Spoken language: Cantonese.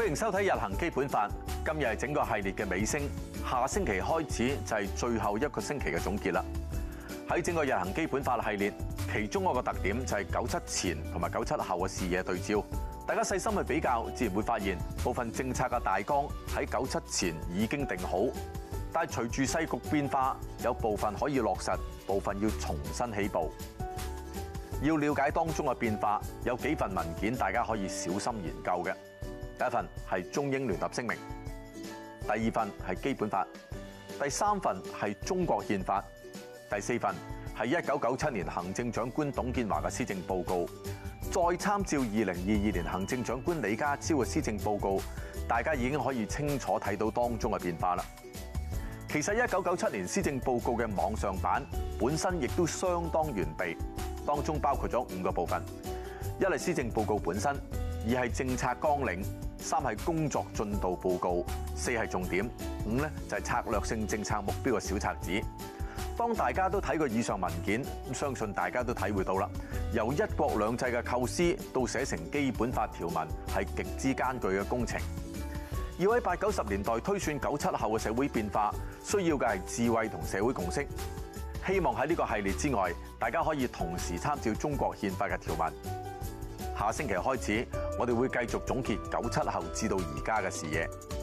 歡迎收睇《日行基本法》，今日係整個系列嘅尾聲，下星期開始就係最後一個星期嘅總結啦。喺整個《日行基本法》系列，其中一個特點就係九七前同埋九七後嘅視野對照。大家細心去比較，自然會發現部分政策嘅大綱喺九七前已經定好，但係隨住世局變化，有部分可以落實，部分要重新起步。要了解當中嘅變化，有幾份文件大家可以小心研究嘅。第一份係中英聯合聲明，第二份係基本法，第三份係中國憲法，第四份係一九九七年行政長官董建華嘅施政報告，再參照二零二二年行政長官李家超嘅施政報告，大家已經可以清楚睇到當中嘅變化啦。其實一九九七年施政報告嘅網上版本身亦都相當完備，當中包括咗五個部分：一係施政報告本身，二係政策綱領。三係工作進度報告，四係重點，五咧就係策略性政策目標嘅小冊子。當大家都睇過以上文件，相信大家都體會到啦。由一國兩制嘅構思到寫成基本法條文，係極之艱巨嘅工程要在。要喺八九十年代推算九七後嘅社會變化，需要嘅係智慧同社會共識。希望喺呢個系列之外，大家可以同時參照中國憲法嘅條文。下星期開始，我哋會繼續總結九七後至到而家嘅視野。